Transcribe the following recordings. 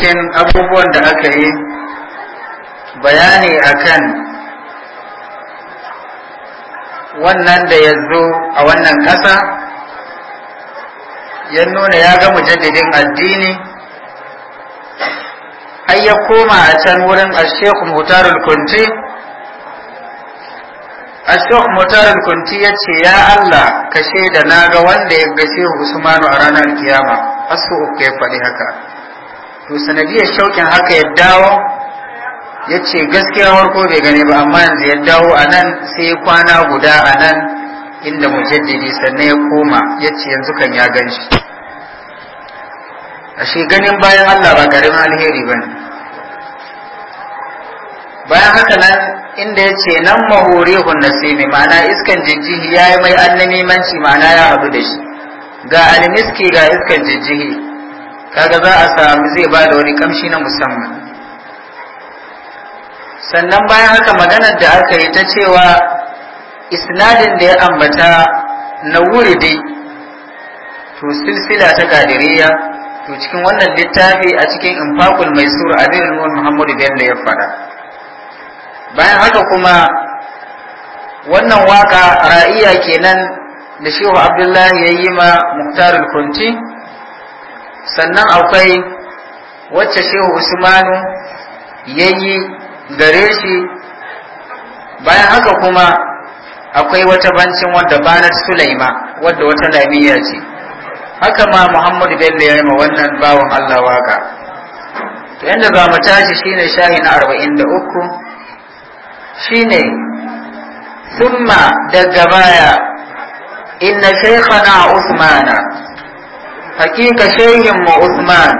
cikin abubuwan da aka yi bayani akan wannan da ya zo a wannan ƙasa ya nuna ya ga mujaddidin addini har ya koma a can wurin ashekhu mutarul kunti ashekhu mutarul kunti ya ce ya Allah ka shaida na ga wanda ya gashe Usmanu a ranar kiyama asu uku ya faɗi haka to sanadiyar shaukin haka ya dawo ya ce gaskiya warko bai gane ba amma yanzu ya dawo a nan sai kwana guda a nan inda mujaddidi sannan ya koma ya ce yanzu kan ya gan shi shi ganin bayan Allah ba garin alheri ba ne bayan haka nan inda ya ce nan sai nasimi ma'ana iskan jijjihi ya yi mai nemanci ma'ana ya abu da shi ga almiski ga iskan jijjihi kaga za a sami zai ba da wani kamshi na musamman sannan bayan haka maganar da aka yi ta cewa isnadin da ya ambata na wuri dai to silsila ta kadiriya to cikin wannan littafi a cikin infakul mai sura abin wani muhammadu bello ya faɗa bayan haka kuma wannan waka ra'iya kenan da shehu abdullahi ya yi ma muktarul kunti sannan akwai wacce shehu usmanu ya yi gare shi bayan haka kuma akwai wata bancin wadda banar sulaima wadda wata lamiya ce haka ma muhammadu bello ya ma wannan bawan allah waka to yadda za mu tashi shine shahi na arba'in da uku shine summa daga baya inna shaykhana usmana hakika shehin mu Usman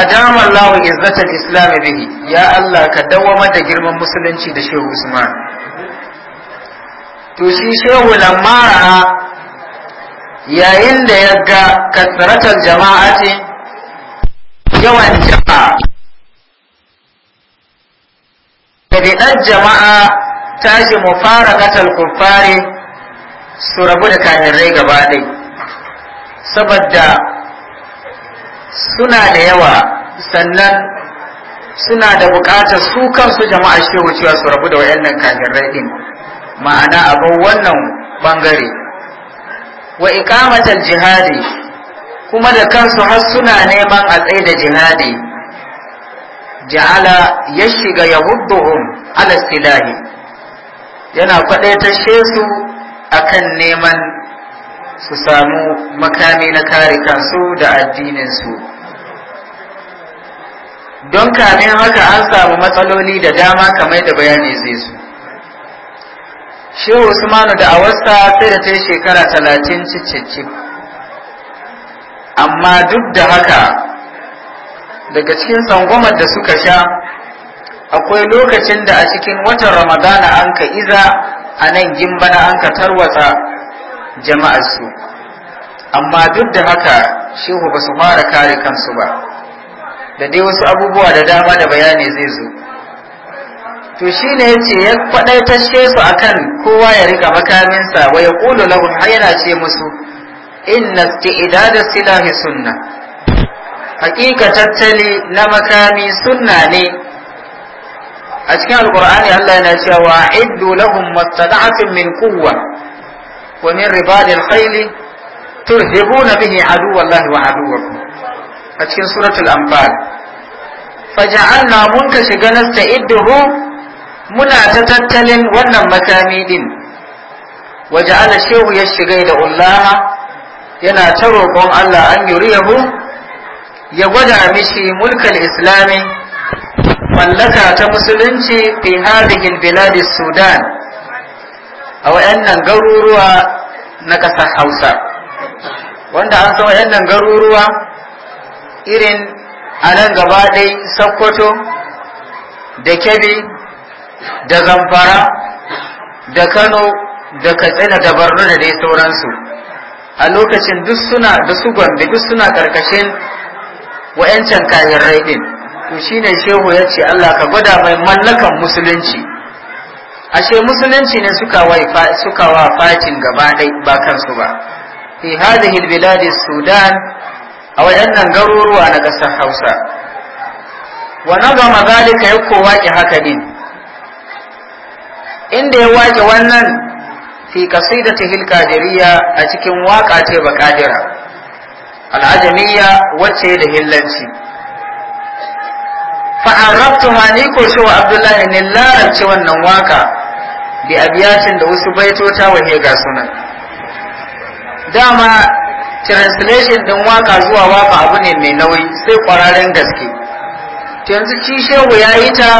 adama Allahu izzatal Islam bihi ya Allah ka dawwama da girman musulunci da shehu Usman to shi shehu lamara yayin da ya ga kasratar jama'ati yawan jama'a da jama'a tashi mu fara katal kuffari su rabu da kafirai gaba ɗaya saboda suna da yawa sannan suna da buƙatar su kansu jama'a shi wucewa su rabu da wayannan kafirai din ma'ana abu wannan bangare wa ikamatal jihadi kuma da kansu har suna neman a tsaye da jihadi ja'ala ya shiga yahudduhum ala silahi yana faɗaitashe su akan neman su samu makami na kare kansu da addininsu don kamin haka an samu matsaloli da dama kamar da bayani zai su shehu usmanu da awasta sai da ta shekara talatin cicicci amma duk da haka daga cikin tsangwamar da suka sha akwai lokacin da a cikin watan ramadana an ka iza a nan gimbana an ka tarwatsa Jama'arsu. amma duk da haka shehu ba su fara kare kansu ba da dai wasu abubuwa da dama da bayani zai zo to shine yace ya faɗaitashe su akan kowa ya rika makaminsa wa ya yaqulu lahum yana ce musu inna isti'dad silahi sunna hakika tattali na makami sunna ne a cikin alƙur'ani Allah yana cewa iddu lahum mastada'atin min quwwah ومن رباط الخيل ترهبون به عدو الله وعدوكم أتكين سورة الأنفال فجعلنا منك شغنا سئده منا تتتل ونم مساميد وجعل الشيخ يشغي الله ينا تروقون الله أن يريه يودع مشي ملك الإسلام ملكة مسلمتي في هذه البلاد السودان a wayannan garuruwa na ƙasar hausa wanda an san wayannan garuruwa irin a nan gaba ɗai sokoto da Kebbi da zamfara da kano da katsina da borno da dai sauransu a lokacin duk suna da su gombe duk suna ƙarƙashin wayancan kayan ɗin to shine shehu ya ce allah ka gwada mai mallakan musulunci ashe musulunci ne suka wa suka wa fatin gaba dai ba kansu ba fi hadhihi albilad sudan a waɗannan garuruwa na gasar Hausa wa magalika ya ko waki haka din inda ya wake wannan fi qasidatihi alqadiriyya a cikin waka ce ba kadira al'ajamiyya wacce da hillanci fa'arrabtu ma ni ko shi wa abdullahi ne larabci wannan waka bi abiyatin da wasu baitota wahe ga sunan dama translation din waka zuwa waka abu ne mai nauyi sai kwararen gaske yanzu ci shehu ya yi ta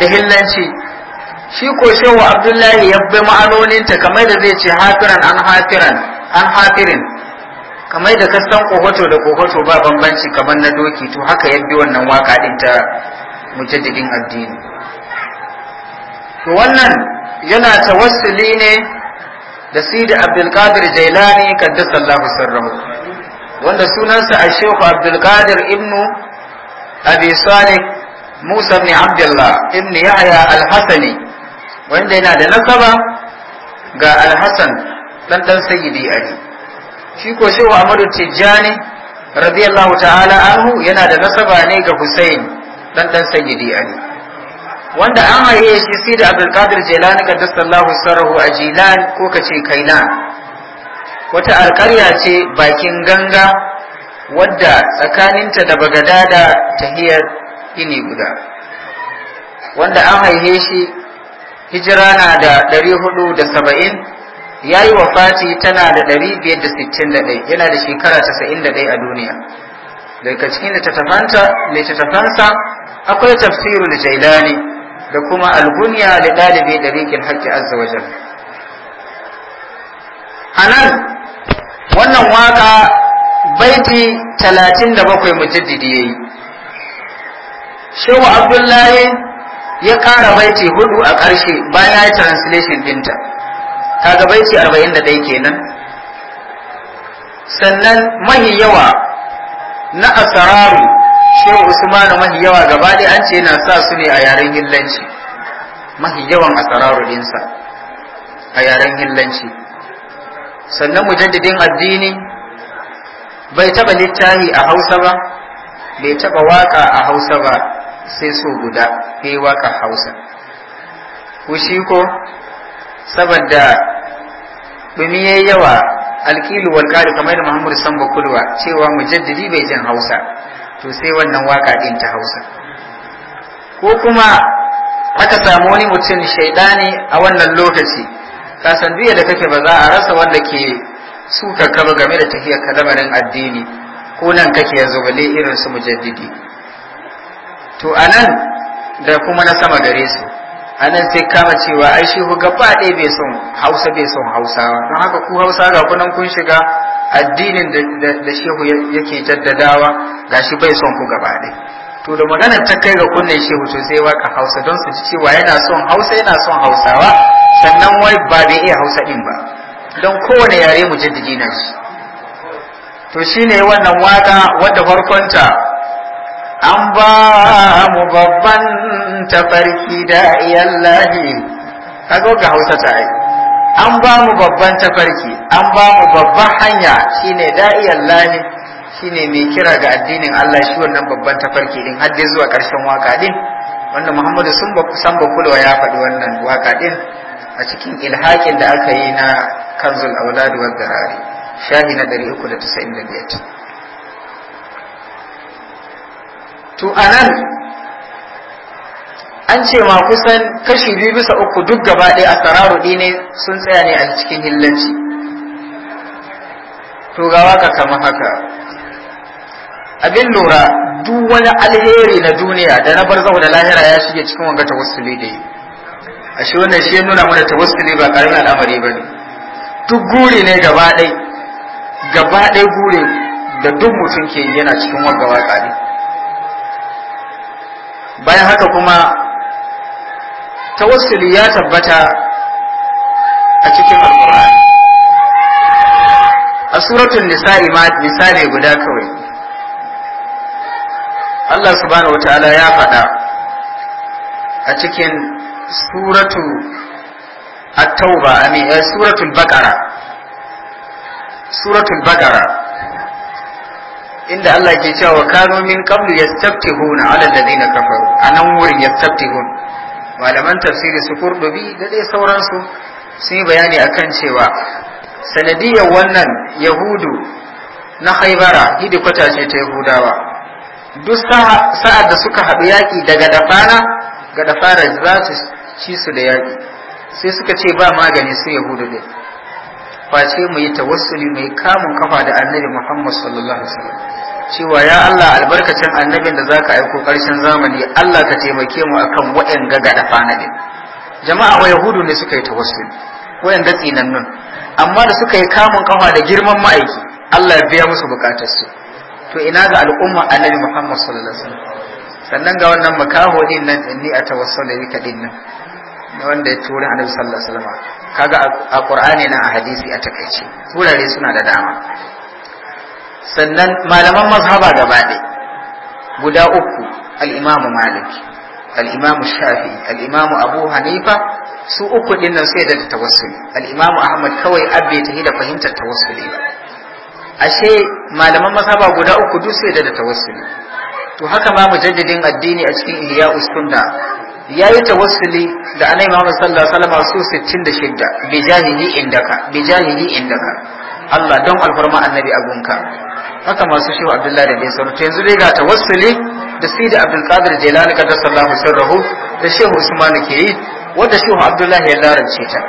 da hillanci shi ko shehu abdullahi ya bi ma'anoninta kamar da zai ce hafiran an hafiran an hafirin kamar da kasan kokoto da kokoto ba bambanci kamar na doki to haka ya bi wannan waka din ta mujaddidin addini to wannan yana tawassuli ne da sidi abdulkadir jailani kaddasallahu sirrahu wanda sunansa a shehu abdulkadir ibnu abi salih musa ibn abdullah ibn yahya al-hasani wanda yana da nasaba ga al-hasan dan dan sayyidi ali shi ko wa amadu tijjani radiyallahu ta'ala anhu yana da nasaba ne ga hussein dan dan sayyidi ali wanda an haye shi sai da abdul qadir jilani sallahu sarahu a jilan ko kace kailan wata alƙarya ce bakin ganga wadda tsakaninta da bagadada tahiyar ini guda wanda an haihe shi hijira na da 470 ya yi wafati tana da 561 yana da shekara 91 a duniya daga cikin littattafansa akwai tafsirul jailani da kuma algunya da ɗalibi da rikin haƙƙi azza wa jal a wannan waka baiti talatin da bakwai mujaddidi ya yi shehu abdullahi ya ƙara baiti hudu a ƙarshe bayan ya yi translation ɗinta kaga baiti arba'in da kenan sannan mahi yawa na asararu shehu Usman mahi yawa gaba ɗaya an ce yana sa su ne a yaren hillanci mahi yawan dinsa a yaren hillanci sannan mujaddidin addini bai taba littafi a hausa ba bai taba waka a hausa ba sai so guda bai waka hausa kushi ko saboda ɗumi yayi yawa alkilu wal kamar da muhammadu samba kulwa cewa mujaddidi bai jin hausa to sai wannan waka ɗin ta hausa ko kuma aka samu wani mutum shaidani a wannan lokaci san biya da kake ba za a rasa wanda ke suka kaba game da tafiyar kalamarin addini ko nan kake yanzu balle irin su mujaddidi to anan da kuma na sama gare su anan sai kama cewa ai shi gaba ɗaya bai son hausa bai son hausawa don haka ku hausa ga kunan kun shiga addinin da shehu yake jaddadawa ga shi bai son ku gaba ɗaya to da maganar ta kai ga kunnen shehu to sai waka hausa don su ci cewa yana son hausa yana son hausawa sannan wai ba bai iya hausa ɗin ba don kowane yare mu jaddadi na shi to shine wannan waka wadda farkonta an ba mu babban tafarki da iyallahi kaga ga hausa ta yi an ba mu babban tafarki an ba mu babban hanya shine da'iyar lani shine mai kira ga addinin Allah shi wannan babban tafarki din har dai zuwa karshen waka din wanda Muhammadu sun san ya faɗi wannan waka din a cikin ilhakin da aka yi na kanzul auladu wa darari shahi na 395 to anan an ce ma kusan kashi biyu bisa uku duk gaba ɗaya a sararudi ne sun tsaya ne a cikin hillanci to gawa ka kama haka abin lura duk wani alheri na duniya da na bar zau da lahira ya shige cikin wanga tawassuli da yi a shi wannan shi ya nuna mana ta wasu ba karamin al'amari ba ne duk guri ne gaba ɗai gaba ɗai guri da duk mutum ke yana cikin wanga waƙa ne bayan haka kuma tawassuli ya tabbata a cikin alkur'ani a suratul nisa'i ma misali guda kawai Allah subhanahu wataala ya faɗa a cikin suratu at-tauba eh, suratul baqara suratul baqara inda Allah ke cewa kanu min qablu yastaftihuna ala alladhina kafaru anan wurin yastaftihun malaman tafsiri su kurdubi da dai sauransu sun yi bayani akan cewa sanadiyar wannan yahudu na haibara hidikwata ce ta yahudawa duk sa'ad da suka haɗu yaƙi daga dafana ga dafara za su ci su da yaƙi sai suka ce ba magani su yahudu dai. face mu yi tawassuli mai kamun kafa da annabi Muhammad sallallahu alaihi wasallam cewa ya Allah albarkacin annabin da zaka aiko karshen zamani Allah ka taimake mu akan waɗanga ga dafa jama'a wa yahudu ne suka yi tawassuli tsinan tsinannun amma da suka yi kamun kafa da girman ma'aiki Allah ya biya musu bukatarsu to ina ga al'umma annabi Muhammad sallallahu alaihi wasallam sannan ga wannan makaho din nan inni a tawassuli bika ɗinnan. na wanda ya tura annabi sallallahu alaihi wasallam kaga a qur'ani na a hadisi a takaice turare suna da dama sannan malaman mazhaba gaba guda uku al imam malik al imam shafi al imam abu hanifa su uku din nan sai da tawassuli al imam ahmad kawai abbe ta da fahimtar tawassuli ashe malaman mazhaba guda uku duk sai da tawassuli to haka ma mujaddidin addini a cikin ihya usunna ya yi tawassuli da annabi Muhammad sallallahu alaihi wasallam su shidda bi jahili indaka bi jahili indaka Allah don alfarma annabi abunka haka masu shehu Abdullahi da Baisar to yanzu dai ga tawassuli da Sidi Abdul Qadir Jilani kadar sallahu sirruhu da shehu Usman ke yi wanda shehu Abdullahi ya larance ta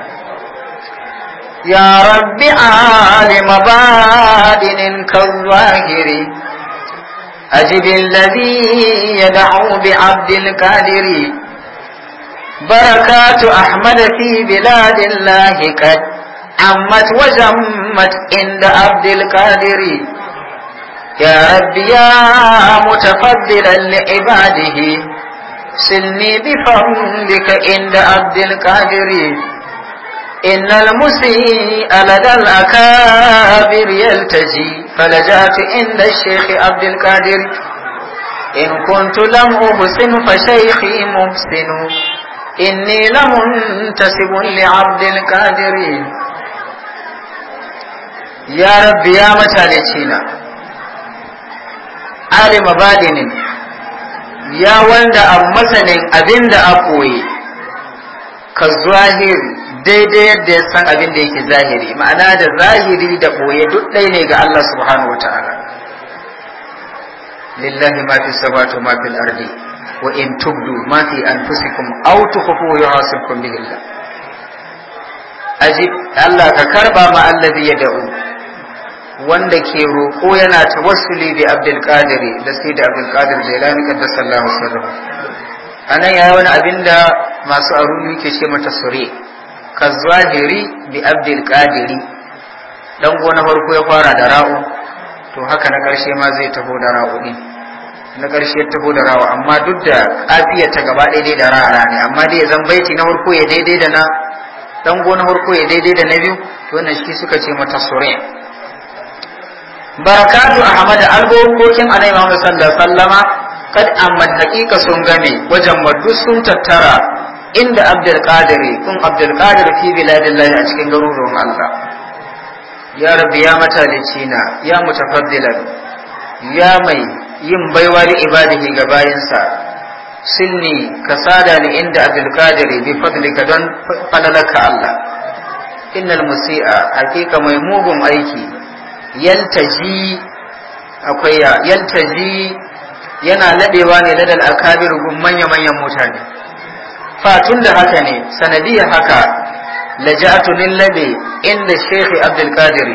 يا رب عالم بادن كالظاهر أجب الذي يدعو بعبد القادر بركات أحمد في بلاد الله قد عمت وزمت عند عبد القادر يا رب يا متفضلا لعباده سلني بفضلك عند عبد القادر إن المسيء لدى الأكابر يلتجي فلجأت عند الشيخ عبد القادر إن كنت لم أحسن فشيخي محسن إني لمنتسب لعبد القادرين يا رب يا متالتينا عالم بادن يا ولد أمسن أبند أقوي كالظاهر daidai yadda ya san abin da yake zahiri ma'ana da zahiri da ɓoye duk ɗaya ne ga Allah subhanahu wa ta'ala lillahi ma fi sabatu ma fil ardi in tubdu ma fi anfusikum aw tukhfu يحاسبكم bihi Aji, Allah ka karba ma الذي yad'u wanda ke roƙo yana tawassuli bi Abdul Qadir da sai da Abdul Qadir Jailani sallallahu alaihi wasallam anan yayi wani abinda masu arumi ke ce mata sure ka zahiri bi Abdul Qadir dan gona farko ya fara da ra'u to haka na karshe ma zai taho da ra'u din na ƙarshe ya taho da rawa amma duk da afiya ta gaba ɗaya da ra'ara ne amma dai zan baiti na farko ya daidai da na dango na farko ya daidai da na biyu to wannan shi suka ce mata sure barakatu ahmad albarkokin annabi ma sallallahu alaihi kad amma daƙiƙa sun game wajen maddu sun tattara inda abdul qadir kun abdul qadir fi biladillah a cikin garuruwan Allah ya rabbi ya da na ya mutafaddilan ya mai yin baiwa da ibadihi ga bayansa sinni ka sada ni inda abdul qadir bi fadlika don fadalaka Allah innal musi'a hakika mai mugun aiki yantaji akwai yantaji yana ladewa ne ladal akabir gun manya manyan mutane fatun da haka ne sanadiyar haka laja'atu lillabi inda shekhi abdul qadir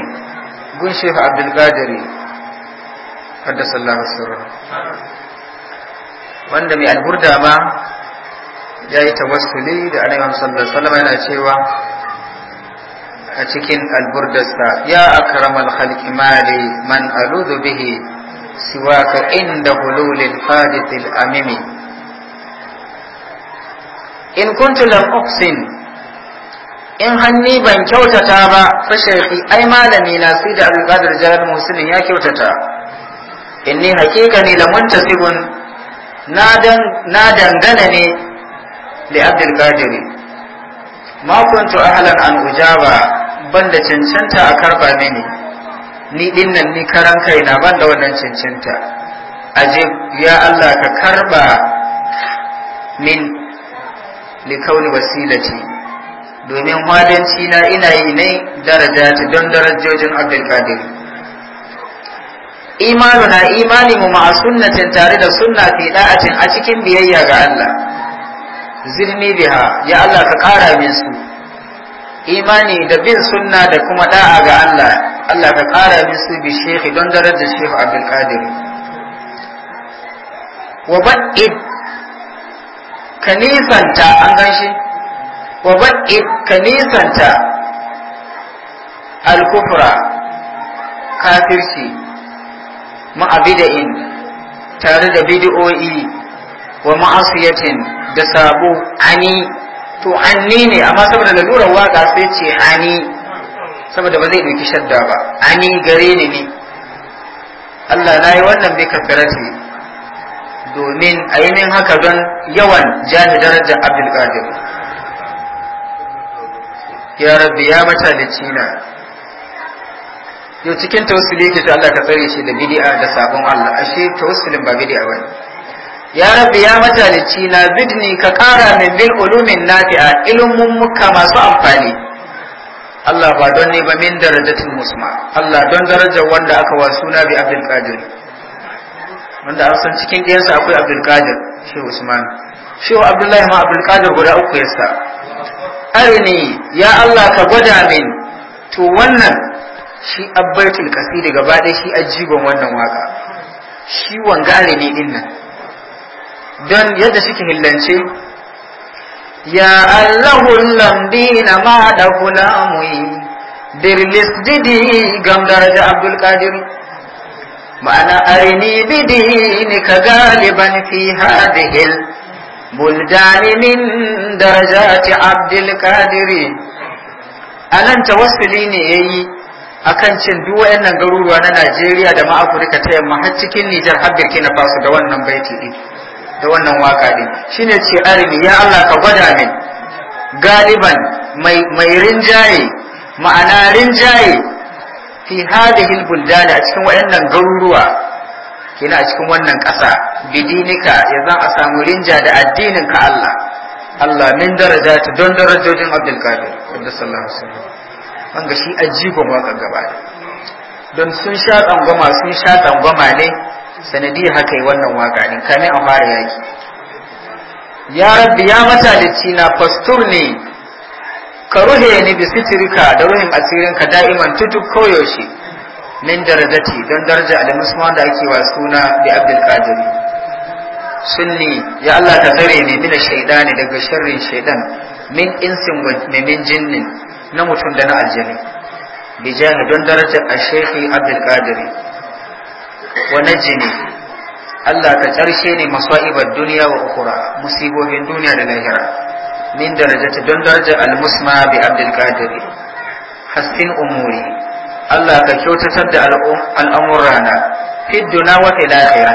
gun shekhi abdul qadir haddasa Allah sirra wanda mai alburda ma ya yi tawassuli da annabi sallallahu alaihi wasallam yana cewa a cikin alburdarsa ya akramal khalqi mali man aludu bihi siwaka inda hululil hadithil amimi in kuntu lam uqsin in hanni ban kyautata ba fa shaykhi ai malami na sai da alqadar jalal muslim ya kyautata inni haƙiƙa ne lamuntasibun na dangana ne li abdul qadiri ma kuntu ahlan an ujaba banda cancanta a karba mini ni dinnan ni karan kaina banda wannan cancanta aje ya Allah ka karba min li kauni wasilati domin madanci na ina yi ne daraja don darajojin abdul imanuna imani mu ma'a sunnatin tare da sunna fi da'atin a cikin biyayya ga Allah zirni biha ya Allah ka kara min su imani da bin sunna da kuma da'a ga Allah Allah ka kara min su bi shekhi don darar da shekhu abdul qadir wa ba'id ka nisanta an ganshi wa ba'id ka nisanta al-kufra kafirci ma'abida'in tare da bid'o'i wa ma'asiyatin da sabo ani to anni ne amma saboda lalurar waka sai ce ani saboda ba zai ɗauki shadda ba ani gare ni ne Allah na yi wannan bai karkarati domin a yi min haka don yawan jani darajar Abdulkadir ya rabbi ya mata da cina yau cikin tausili yake to Allah ka tsare shi da bid'a da sabon Allah ashe tausilin ba bid'a bane ya rabbi ya matalici na bidni ka kara min bil ulumin nafi'a ilmun muka masu amfani Allah ba don ne ba min darajatul musma Allah don darajar wanda aka wa suna bi Abdul Qadir wanda an san cikin ɗiyansa akwai Abdul Qadir shi Usman shi Abdullahi ma Abdul Qadir guda uku yasa arini ya Allah ka gwada min to wannan shi abbaitul kasi gaba ɗaya shi ajiban wannan waka shi wangare ne din nan don yadda suke hillance ya allahul lambina ma da muyi dirlis didi gamdar da abdul qadir ma'ana arini bidini ka galiban fi hadihil buldani min darajati abdul qadiri anan tawassuli ne yayi akan cin duk wayannan garuruwa na Najeriya da ma Afirka ta yamma har cikin Nijar har Burkina Faso da wannan baiti din da wannan waka din shine ce arimi ya Allah ka gwada min galiban mai mai rinjaye ma'ana rinjaye fi hadhihi albuldan a cikin wayannan garuruwa kina a cikin wannan ƙasa bidinika ya zan a samu rinja da addinin ka Allah Allah min daraja ta don darajojin Abdul Qadir sallallahu alaihi wasallam an ga shi a jigon waƙar gaba don sun sha tsangwama sun sha tsangwama ne sanadiyar haka yi wannan waƙa ne kamin a fara yaki ya rabbi ya mata da cina fastur ne ka ruhe ni bi sitirka da ruhin asirin asirinka da'iman tutuk koyaushe min darajati don daraja da musulman da ake wa suna bi abdul qadir sunni ya Allah ka tsare ne mina shaidani daga sharrin shaidan min insin wa min jinnin na mutum da na aljani bijani don darajar a shekhi abdulkadiri wani jini Allah ka tsarshe ne masa'ibar duniya wa ukura musibohin duniya da lahira min darajata don darajar almusma bi abdulkadiri haskin umuri Allah ka kyautatar da al'amurana fi duna wa fil akhirah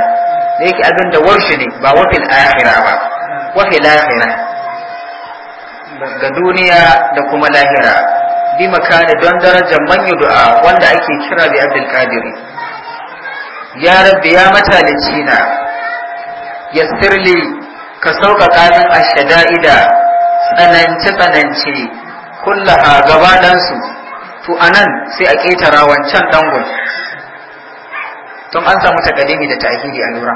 da yake abin da warshi ne ba wa fil ba wa fil ga duniya da kuma lahira bi makani don darajar manyu du'a wanda ake kira bi abdul qadiri ya rabbi ya matalici na yassirli ka sauƙaƙa min ashada'ida tsananci tsananci kullaha gaba su to anan sai a ƙetara wancan dangon tun an samu takalimi da tahiri a lura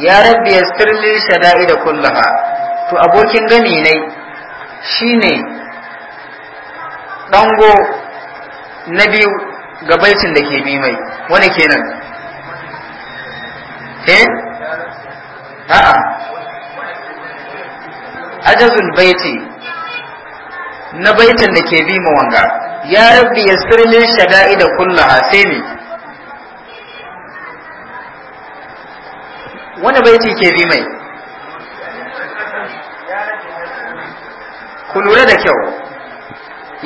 ya rabbi yassirli shada'ida kullaha to abokin gani ne Shi ne ɗango na biyu ga baitin da ke bi mai wani kenan eh a'a ajazul baiti na baitin da ke bi ma wanga ya rabbi yassir min shada'ida kullaha sai wani baiti ke bi mai ku lura da kyau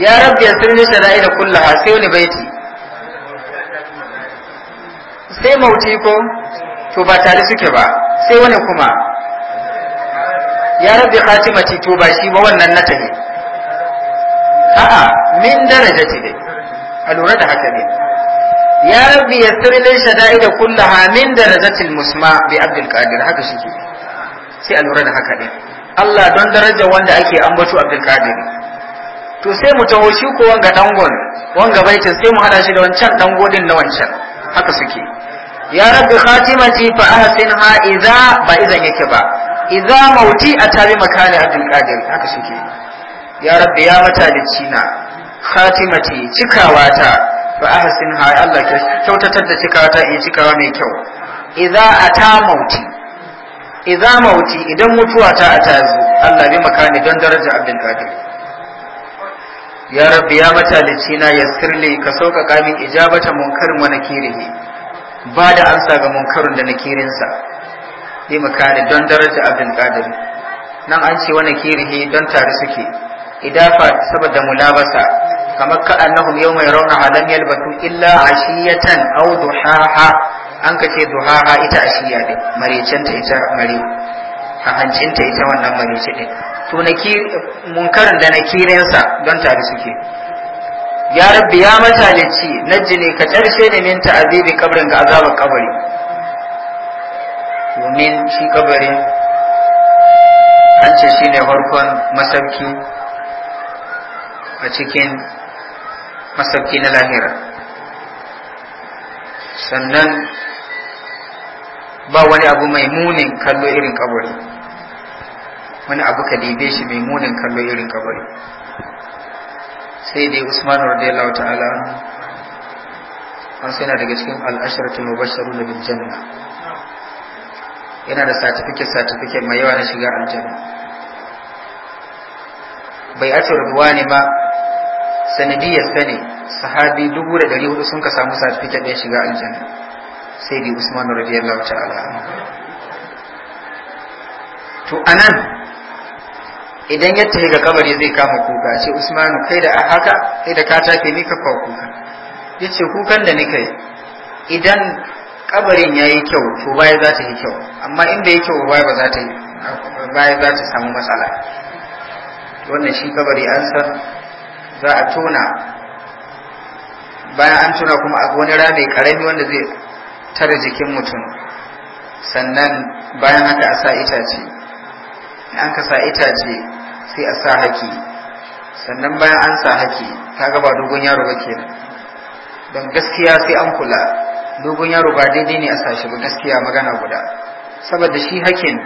ya rabbi asirni da kullaha sai wani baiti sai mauti ko to ba tare suke ba sai wani kuma ya rabbi khatimati to ba shi ba wannan na tahi a'a min daraja ce dai a lura da haka ne ya rabbi yassir lil da kullaha min darajatil musma bi abdul qadir haka shi sai a lura da haka ne Allah don darajar wanda ake ambato Abdul to sai mu taho shi ko wanga dangon wanga baitin sai mu hada shi da wancan dangodin na wancan haka suke ya rabbi khatimati fa ha idza ba idan yake ba idza mauti a tare makani Abdul Qadir haka suke ya rabbi ya mata da na khatimati ta, fa ha Allah ke kyautatar da cikawa ta yi cikawa mai kyau idza ata mauti idza mauti idan mutuwa ta a tazi? Allah bi makani don daraja Abdul Qadir ya rabbi ya matalici na yassirli ka sauƙaƙa min ijabata munkarin wa nakirihi ba da ansa ga munkarin da nakirinsa bi makani don daraja Abdul Qadir nan an ce wa nakirihi don tare suke idafa saboda mulabasa kamar ka annahum yawma yarawna alam yalbatu illa ashiyatan aw duhaha an kace ce duhaha ita ashiya din ta ita mare a hancinta ita wannan marece din to munkarin da nakirinsa don tare suke ya rabbi ya matalici najji ne ka tsarshe ne min ta'azibi kabrin ga azabar kabari domin shi kabarin an ce shi ne farkon masauki a cikin masauki na lahira sannan ba wani abu mai munin kallo irin kabari wani abu ka dibe shi mai munin kallo irin kabari sai dai usman radiyallahu ta'ala an sai daga cikin al'asharatul mubashsharu da bil janna yana da certificate certificate mai yawa na shiga aljanna bai ace ne ba sanadiyar sani sahabi dubu da dari hudu sun ka samu certificate ɗin shiga aljanna sayyidi usman radiyallahu ta'ala to anan idan ya tafi ga kabari zai kama kuka ce Usman kai da haka kai da ka take ni ka kawo kuka ya ce kukan da nika idan kabarin ya yi kyau to baya za ta yi kyau amma in bai yi kyau baya ba za ta yi baya za ta samu matsala wannan shi kabari an san za a tona bayan an tona kuma a wani rami karami wanda zai tare jikin mutum sannan bayan haka a sa itace in an ka sa itace sai a sa haki sannan bayan an sa haki ta gaba dogon yaro ba kenan don gaskiya sai an kula dogon yaro ba daidai ne a sashi ba gaskiya magana guda saboda shi hakin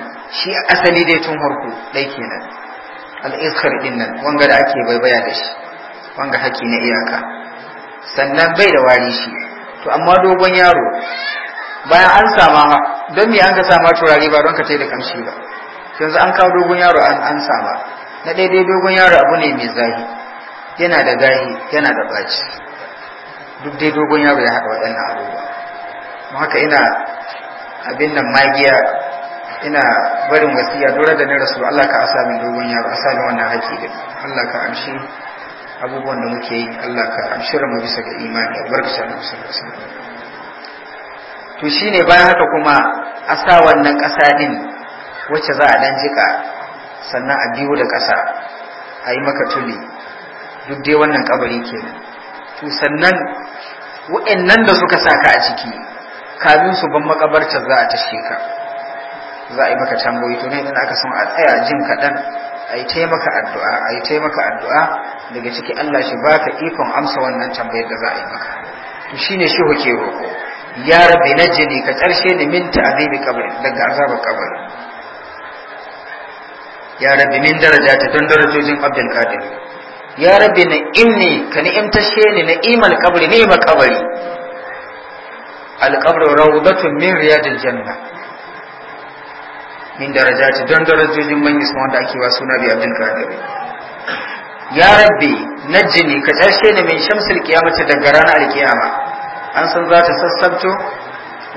shi asali dai tun harko ɗai kenan al'iskar ɗin nan wanga da ake baibaya da shi wanga haki na iyaka sannan bai da wari shi to amma dogon yaro bayan an sama ma don me an ga sama turare ba don ka tai da kamshi ba yanzu an kawo dogon yaro an an sama na daidai dogon yaro abu ne mai zahi yana da zahi, yana da baci duk dai dogon yaro ya haɗa waɗannan abubuwa mu haka ina abin nan magiya ina barin wasiya dole da na rasu Allah ka asamin dogon yaro asamin wannan haƙiƙa Allah ka amshi abubuwan da muke yi Allah ka amshira mu bisa ga imani da barkasa mu bisa to shine bayan haka kuma a sa wannan ƙasa din wacce za a dan jika sannan a biyo da ƙasa a yi maka tuli duk dai wannan kabari ke to sannan wa'annan da suka saka a ciki kamin su ban makabarta za a tashe ka za a yi maka tambayoyi to ne aka san a tsaya jin kaɗan a yi taimaka addu'a a yi taimaka addu'a daga ciki Allah shi baka ikon amsa wannan tambayar da za a yi maka to shine shi hoke roko ya na najini ka karshe ni min ta'azibi qabr daga azabar qabr ya Rabi min ta don darajojin Abdul Qadir ya Rabi na inni ka ni'imtashe ni na imal qabri ni'mal qabri al-qabru rawdatun min riyadil janna min darajati don darajojin manyan su wanda ake wa suna bi abdul qadir ya rabbi najini ka tashe ni min shamsul qiyamati daga ranar alkiyama an san za ta sassabto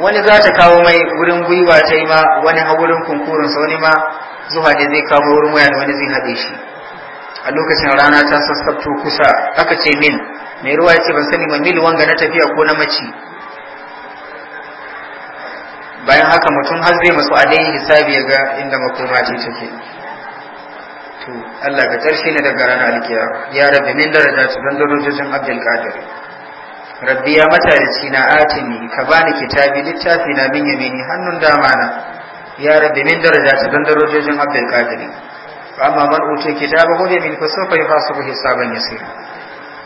wani za ta kawo mai wurin gwiwa ta yi ma wani a wurin kunkurin sa wani ma zuwa da zai kawo wurin waya wani zai hade shi a lokacin rana ta sassabto kusa aka ce min mai ruwa ya ce ban sani ma mil wanga na tafiya ko na mace. bayan haka mutum har zai masu alaihi hisabi ya ga inda makoma ce take to Allah ka tarshe ne daga ranar alkiya ya rabbi min daraja ta dan darajojin Abdul Qadir rabbi ya da na atini ka bani kitabi littafi na min yamini hannun dama na ya rabbi min daraja ta dan darajojin Abdul Qadir amma man uce kitabahu bi min fasafa yuhasabu hisaban yasir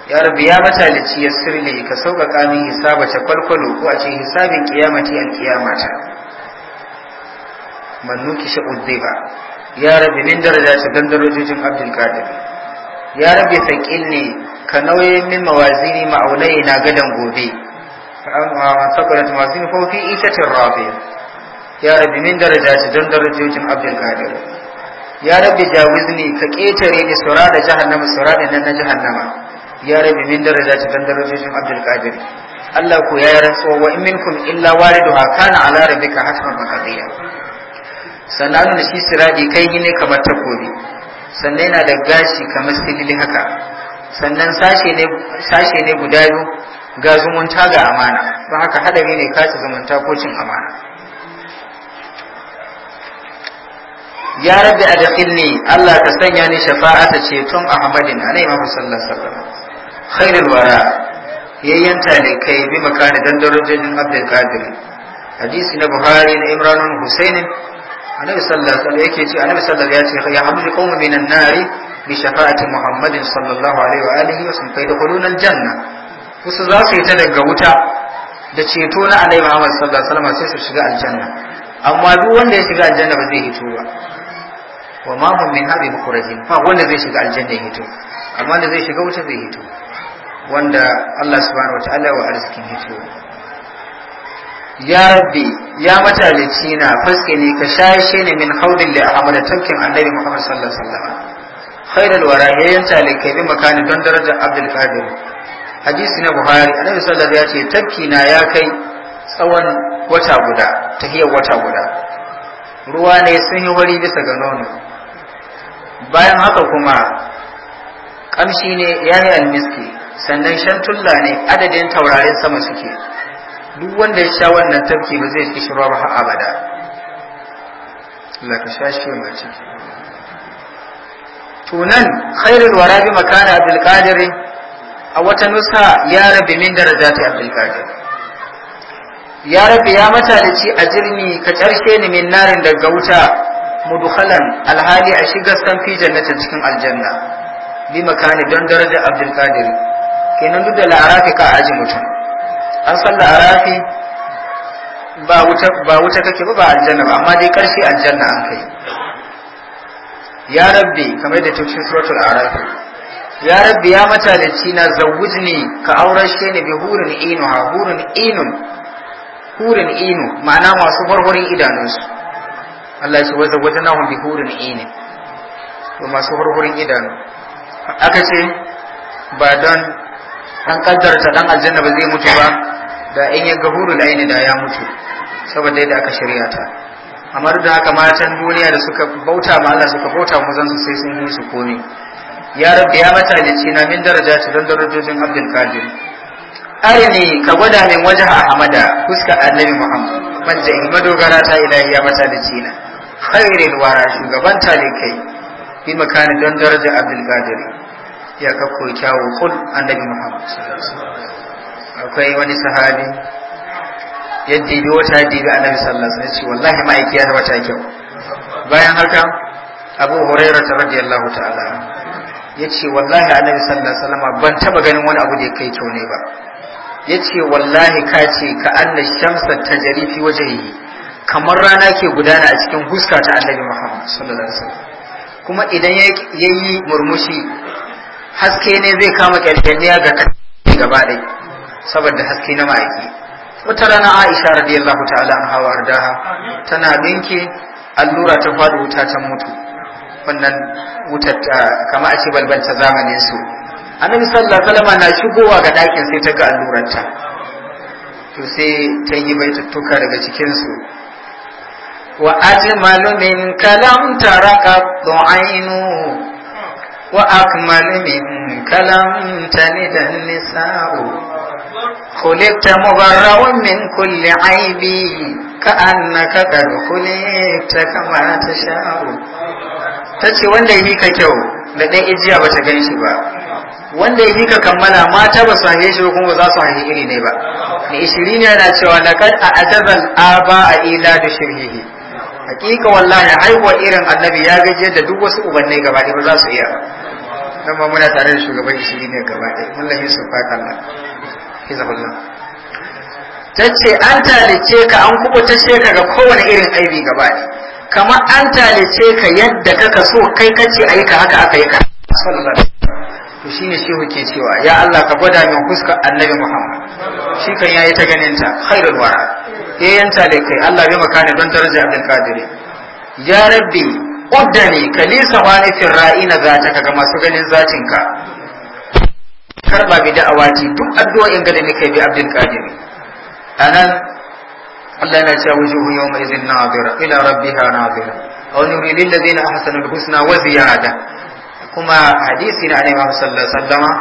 ya rabbi ya matalici ya sirri ka sauka kamin hisaba ta kwalkwalo ko a ce hisabin kiyamati kiyamata mannuki sha'ul ba. ya rabbi min darajati dan darajojin abdul qadir ya rabbi faqilni ka nauye min mawazini ma'aunai na gadan gobe fa amma man sakarat mawazini fa fi itatir rabi ya rabbi min darajati dan darajojin abdul qadir ya rabbi jawizni ka ketare ni sura da jahannama sura da nan na jahannama ya rabbi min darajati dan darajojin abdul qadir Allah ko ya rantsuwa wa in minkum illa wariduha kana ala rabbika hasban maqdiya sannan da shi siradi kai ne kamar takobi sannan yana da gashi kamar silili haka sannan sashe ne guda biyu ga zumunta ga amana don haka hadari ne kace zumunta ko cin amana ya rabbi a Allah ka sanya ni shafa'ata ceton Ahmadin alaihi wa sallallahu sallar sallar. khairul wara yayyanta ne kai bi makani dan darajojin Abdul Qadir hadisi na Buhari na Imran Husainin annabi sallallahu alaihi wasallam yake ce annabi sallallahu alaihi wasallam ya ce ya hamdu qawmun minan nari bi shafa'ati muhammadin sallallahu alaihi wa alihi wa sallam fa yadkhuluna aljanna wasu za su yi ta daga wuta da ceto na annabi muhammad sallallahu alaihi wasallam sai su shiga aljanna amma duk wanda ya shiga aljanna ba zai hito ba wa ma hum min habib mukhrajin fa wanda zai shiga aljanna ya hito amma wanda zai shiga wuta zai hito wanda Allah subhanahu wa ta'ala wa arzikin hito ya rabbi ya matalici na ne ka shi ne min haudin da da tafkin annabi muhammad sallallahu alaihi wasallam khairul wara le talikai bi makani don darajar abdul qadir hadisi na buhari annabi sallallahu alaihi wasallam ya ce tafki na ya kai tsawon wata guda tahiyar wata guda ruwa ne sun yi wari bisa ga nono bayan haka kuma kamshi ne ya yi almiski sannan shantulla ne adadin taurarin sama suke duk wanda ya sha wannan tafki ba zai kishirwa ba har abada Allah ka sha shi ma ciki tunan khairul wara bi makana abdul qadir a wata nusa ya rabi min darajati abdul qadir ya rabi ya matalici a jirmi ka karshe ni min narin daga wuta mudkhalan alhali a shiga san fi jannatin cikin aljanna bi makani don daraja abdul qadir kenan duk da la'arafi ka aji mutum an sallah a rafi ba wuta ba wuta kake ba ba aljanna ba amma dai karshe aljanna an kai ya rabbi kamar da tuci suratul arafi ya rabbi ya da na zawujni ka shi ni bi hurin inu ha hurin inu hurin inu ma'ana masu warwarin idanunsu Allah ya wata wata nawa bi hurin inu to masu warwarin idanu aka ce ba don an sa dan aljanna ba zai mutu ba da in ya gahurul aini da ya mutu saboda yadda aka shirya ta amma da haka matan duniya da suka bauta ma Allah suka bauta zan su sai sun yi su komi ya rabbi ya mata da na min daraja ta don darajojin abdul kadir arini ka gwada min waje ahmada fuska annabi muhammad ja in madogara ta ilahi ya mata lici na wara shugaban kai. bi makani don daraja abdul kadir ya kakko kyawo kun annabi Muhammad akwai wani sahabi ya dibi wata dibi annabi sallallahu alaihi wasallam ce wallahi ma yake ya wata kyau bayan haka Abu Hurairah radiyallahu ta'ala yace wallahi annabi sallallahu alaihi wasallam ban taba ganin wani abu da yake kyau ne ba Yace wallahi ka ce ka anna shamsa tajri fi wajhihi kamar rana ke gudana a cikin huska ta annabi Muhammad sallallahu alaihi wasallam kuma idan yayi murmushi haske ne zai kama kyalkyalniya ga ƙarfi gaba ɗaya saboda haske na ma'aiki wata rana aisha radiyallahu ta'ala an hawa ardaha tana ninke allura ta faɗi wuta ta mutu wannan wutar kama a ce balbanta zamanin su annabi sallallahu alaihi wasallam na shigowa ga ɗakin sai ta ga allurarta to sai ta yi baitattuka daga cikinsu wa ajmalu min kalam taraka du'ainu وأكمل منك لم تلد النساء خلقت مبرأ من كل عيب كأنك قد خلقت كما تشاء tace wanda ya hika kyau da ɗan ijiya ba ta gan shi ba wanda ya hika kammala mata ba su haife shi kuma ba za su haife iri ne ba mai ishirin yana cewa laqad a ajabal aba a ila da shirhihi hakika wallahi haihuwar irin annabi ya gaje da duk wasu ubannai gaba ɗaya ba za su iya nan ba muna tare da shugaban isiri ne gaba ɗaya mullah yusuf fakalla hizabullah ta ce an talice ka an kubutace ka ga kowane irin aibi gaba ɗaya kamar an talice ka yadda kaka so kai kace ayi ka haka aka yi ka sallallahu alaihi to shine shehu ke cewa ya Allah ka gwada min fuskar annabi Muhammad shi kan yayi ta ganin ta khairul wara eh, yayin ta kai Allah bai maka don daraja Abdul Qadir ya rabbi uddani kalisa wani na zata ga masu ganin zatin ka karba bi da'awati duk addu'o'in ga da nake bi abdul qadir anan Allah na cewa wujuhu yawma idhin nadira ila rabbiha nadira aw nuri lil ladina ahsanu al husna wa ziyada kuma hadisi na annabi sallallahu alaihi wasallama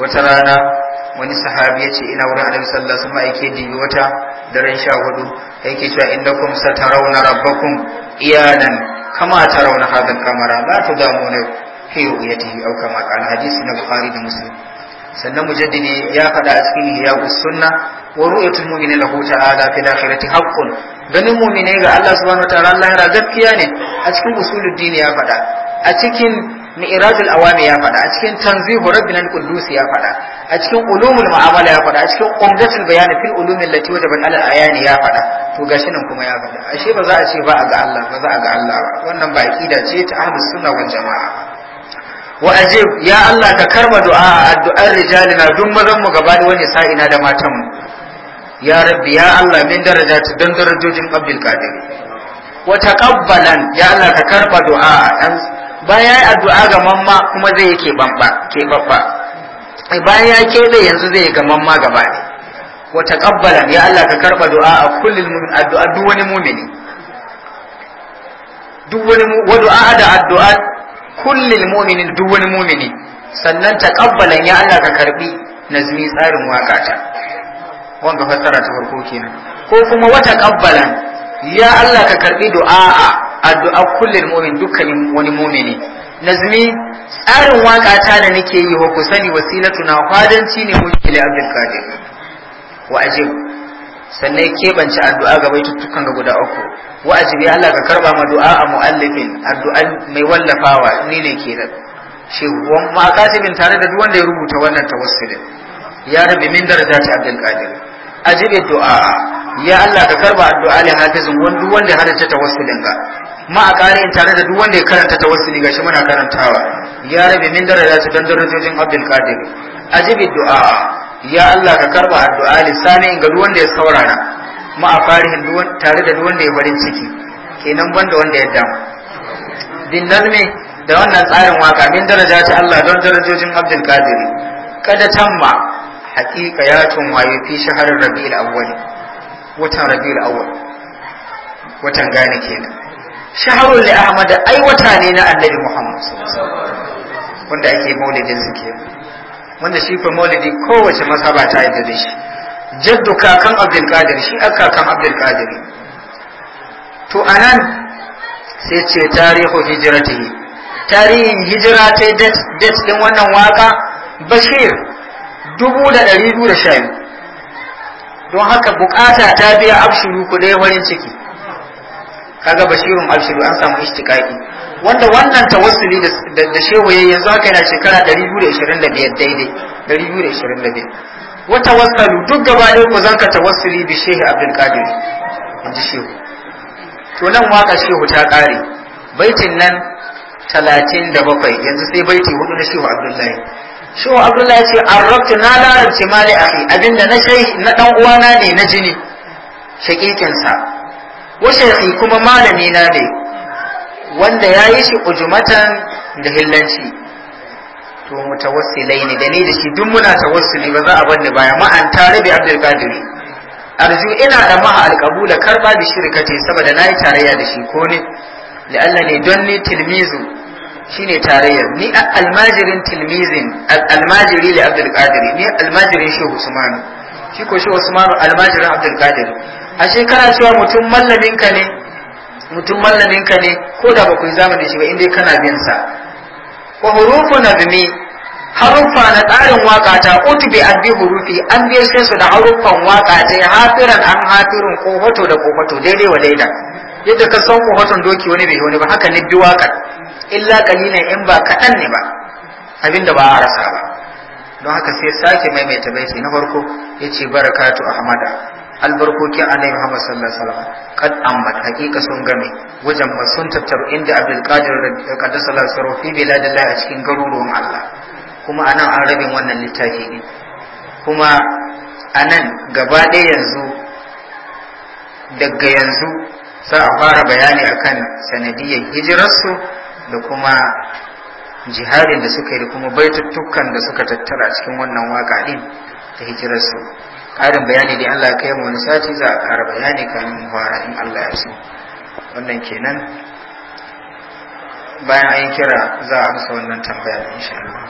wata rana wani sahabi ya ce ina wurin annabi sallallahu alaihi wasallam aike dibi wata daren sha hudu yake cewa indakum satarawna rabbakum iyanan Kama كما ترون هذا القمر لا تدامون في auka أو كما قال حديث البخاري ومسلم sannan mujaddidi ya faɗa a cikin hiyakus sunna wa ru'yatul mu'mini lahu ta'ala fil akhirati haqqun ganin mu'mine ga Allah subhanahu wa lahira gaskiya ne a cikin usuluddin ya faɗa a cikin mi'rajul awami ya faɗa a cikin tanzihu rabbil qudus ya faɗa a cikin ulumul mu'amala ya faɗa a cikin umdatul bayani fil ulumin lati wajaba al ayani ya faɗa to gashi nan kuma ya faɗa ashe ba za a ce ba a ga Allah ba za a ga Allah ba wannan ba aqida ce ta ahlus sunna wal jama'a wa ajib ya Allah ka karba du'a addu'ar na dun mazan mu gaba da wani sa'ina da matan mu ya rabbi ya Allah min darajati dan darajojin Abdul Qadir wa taqabbalan ya Allah ka karba du'a bayan addu'a ga mamma kuma zai yake bamba ke babba bayan ya keɓe yanzu zai yi gaman ma gaba ne wa taqabbala ya Allah ka karba du'a a kullil mu'min addu'a duk wani mu'mini duk wani wa du'a da addu'a kullil mu'mini duk wani mu'mini sannan taqabbala ya Allah ka karbi nazmi tsarin waka ta fasara ta farko kenan ko kuma wa taqabbala ya Allah ka karbi du'a addu'a kullil mu'min dukkanin wani mu'mini nazmi tsarin waka ta da nake yi wa ku sani wasilatu na kwadanci ne mulki li abdul qadir wa ajib sannan ya keɓance addu'a ga baituttukan ga guda uku wa ya Allah ka karba ma du'a a mu'allifin addu'a mai wallafawa ni ne kenan shi ma katibin tare da duk wanda ya rubuta wannan tawassul ya rabi min darajati abdul qadir ajibi du'a ya Allah ka karba addu'a li hafizin wanda wanda ya haddace tawassulin ka ma a ƙarin tare da duk wanda ya karanta tawassuli gashi muna karantawa ya rabi min daraja su dan darajojin Abdul Qadir ajibi du'a ya Allah ka karba addu'a li sani ga duk wanda ya saurara ma a farihin tare da duk wanda ya barin ciki kenan banda wanda ya damu bin nazmi da wannan tsarin waka min daraja ta Allah don darajojin Abdul Qadir kada tamma haƙiƙa ya tunwaye fi shaharar Rabi'ul Awwal watan rabiul awwal watan gane kenan shahrul li ahmad ai wata ne na annabi muhammad wanda ake maulidin su kenan wanda shi fa maulidi kowace masaba ta yi da shi jaddu kakan abdul qadir shi aka kakan abdul qadir to anan sai ce tarihu hijratihi tarihin hijira ta date din wannan waka bashir dubu da ɗari biyu da sha biyu don haka bukata ta biya abshiru ku dai farin ciki kaga bashirun abshiru an samu istiqaqi wanda wannan tawassuli da shehu yayin yanzu haka yana shekara 225 daidai 225 wata wasalu duk gaba ne ku zanka tawassuli bi shehu abdul qadir inji shehu to nan waka shehu ta kare baitin nan 37 yanzu sai baiti hudu na shehu abdullahi shi wa ya ce arrabtu na larabci mali ahi abinda na shai na dan uwana ne na jini shakikinsa wa kuma malami na ne wanda ya yi shi ujumatan da hillanci to tawassilai ne da ni da shi duk muna tawassuli ba za a bar ni baya ma an tare bi abdul qadir arju ina da maha alqabula karba bi shirkati saboda nayi tarayya da shi ko ne la'alla ne don ni tilmizu shine tarayya ni almajirin tilmizin almajiri li abdul qadir ni almajirin shehu usman shi ko shehu usman almajirin abdul qadir ashe kana cewa mutum mallamin ka ne mutum mallamin ka ne ko da ba ku zamani shi ba inda kana bin sa wa hurufu nadmi haruffa na tsarin waka ta utubi an bi hurufi an biye su da haruffan waka ta hafiran an hafirin ko hoto da ko hoto daidai wa daidai yadda ka san ko hoton doki wani bai wani ba haka ne bi wakar illa kalilan in ba kaɗan ne ba abinda ba a rasa ba don haka sai sake maimaita baiti na farko yace barakatu ahmada albarkokin annabi Muhammad sallallahu alaihi wasallam kad amma hakika sun game wajen sun tattaru inda Abdul Qadir qaddasallahu sirru fi biladillah a cikin garuruwan Allah kuma anan an rabin wannan littafi ne kuma anan gaba ɗaya yanzu daga yanzu za a fara bayani akan sanadiyar hijirarsu da kuma jihadin da suka yi da kuma baitattukan da suka tattara a cikin wannan waka din ta hijirarsu ƙarin bayani da Allah kai mu wani sati za a ƙara bayani kan in Allah ya so wannan kenan bayan an kira za a amsa wannan tambaya insha Allah